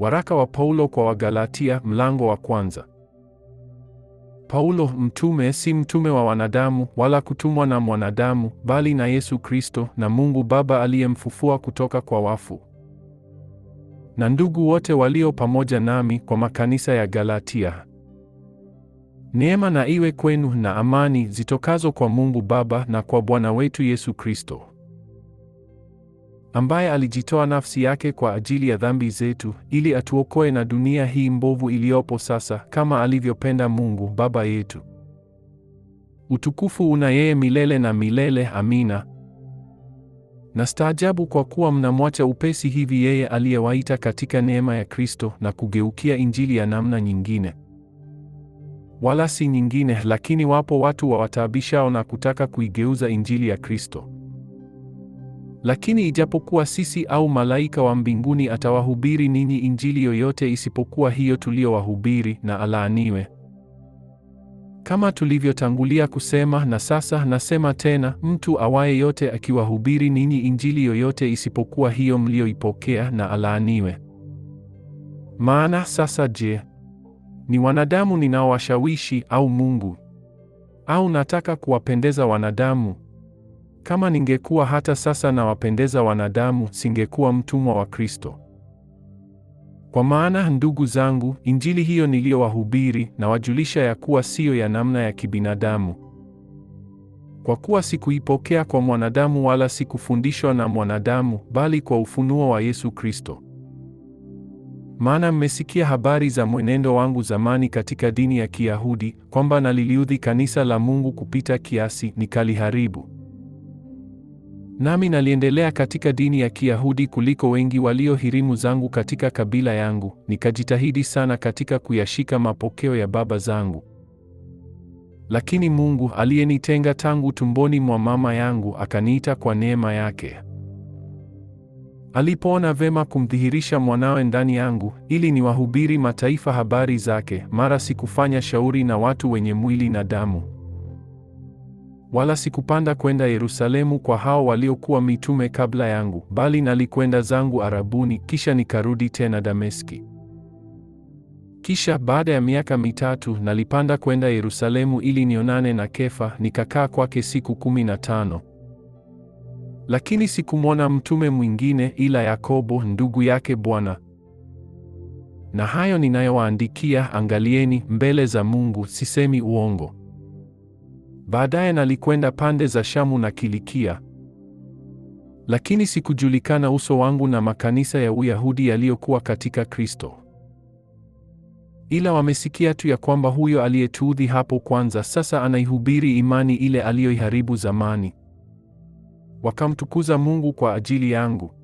Waraka wa Paulo kwa Wagalatia mlango wa kwanza. Paulo mtume, si mtume wa wanadamu wala kutumwa na mwanadamu, bali na Yesu Kristo na Mungu Baba aliyemfufua kutoka kwa wafu, na ndugu wote walio pamoja nami, kwa makanisa ya Galatia. Neema na iwe kwenu na amani zitokazo kwa Mungu Baba na kwa Bwana wetu Yesu Kristo ambaye alijitoa nafsi yake kwa ajili ya dhambi zetu ili atuokoe na dunia hii mbovu iliyopo sasa, kama alivyopenda Mungu Baba yetu. Utukufu una yeye milele na milele. Amina. Na staajabu kwa kuwa mnamwacha upesi hivi yeye aliyewaita katika neema ya Kristo na kugeukia Injili ya namna nyingine, wala si nyingine, lakini wapo watu wawataabishao na kutaka kuigeuza Injili ya Kristo. Lakini ijapokuwa sisi au malaika wa mbinguni atawahubiri ninyi injili yoyote isipokuwa hiyo tuliyowahubiri, na alaaniwe. Kama tulivyotangulia kusema na sasa nasema tena, mtu awaye yote akiwahubiri ninyi injili yoyote isipokuwa hiyo mliyoipokea, na alaaniwe. Maana sasa je, ni wanadamu ninaowashawishi au Mungu? Au nataka kuwapendeza wanadamu? Kama ningekuwa hata sasa nawapendeza wanadamu, singekuwa mtumwa wa Kristo. Kwa maana ndugu zangu, injili hiyo niliyowahubiri nawajulisha ya kuwa siyo ya namna ya kibinadamu, kwa kuwa sikuipokea kwa mwanadamu, wala sikufundishwa na mwanadamu, bali kwa ufunuo wa Yesu Kristo. Maana mmesikia habari za mwenendo wangu zamani katika dini ya Kiyahudi, kwamba naliliudhi kanisa la Mungu kupita kiasi, nikaliharibu Nami naliendelea katika dini ya Kiyahudi kuliko wengi waliohirimu zangu katika kabila yangu, nikajitahidi sana katika kuyashika mapokeo ya baba zangu. Lakini Mungu aliyenitenga tangu tumboni mwa mama yangu akaniita kwa neema yake. Alipoona vema kumdhihirisha mwanawe ndani yangu ili niwahubiri mataifa habari zake, mara sikufanya shauri na watu wenye mwili na damu wala sikupanda kwenda Yerusalemu kwa hao waliokuwa mitume kabla yangu, bali nalikwenda zangu Arabuni, kisha nikarudi tena Dameski. Kisha baada ya miaka mitatu nalipanda kwenda Yerusalemu ili nionane na Kefa, nikakaa kwake siku kumi na tano. Lakini sikumwona mtume mwingine ila Yakobo ndugu yake Bwana. Na hayo ninayowaandikia, angalieni mbele za Mungu, sisemi uongo. Baadaye nalikwenda pande za Shamu na Kilikia, lakini sikujulikana uso wangu na makanisa ya Uyahudi yaliyokuwa katika Kristo, ila wamesikia tu ya kwamba huyo aliyetuudhi hapo kwanza sasa anaihubiri imani ile aliyoiharibu zamani. Wakamtukuza Mungu kwa ajili yangu.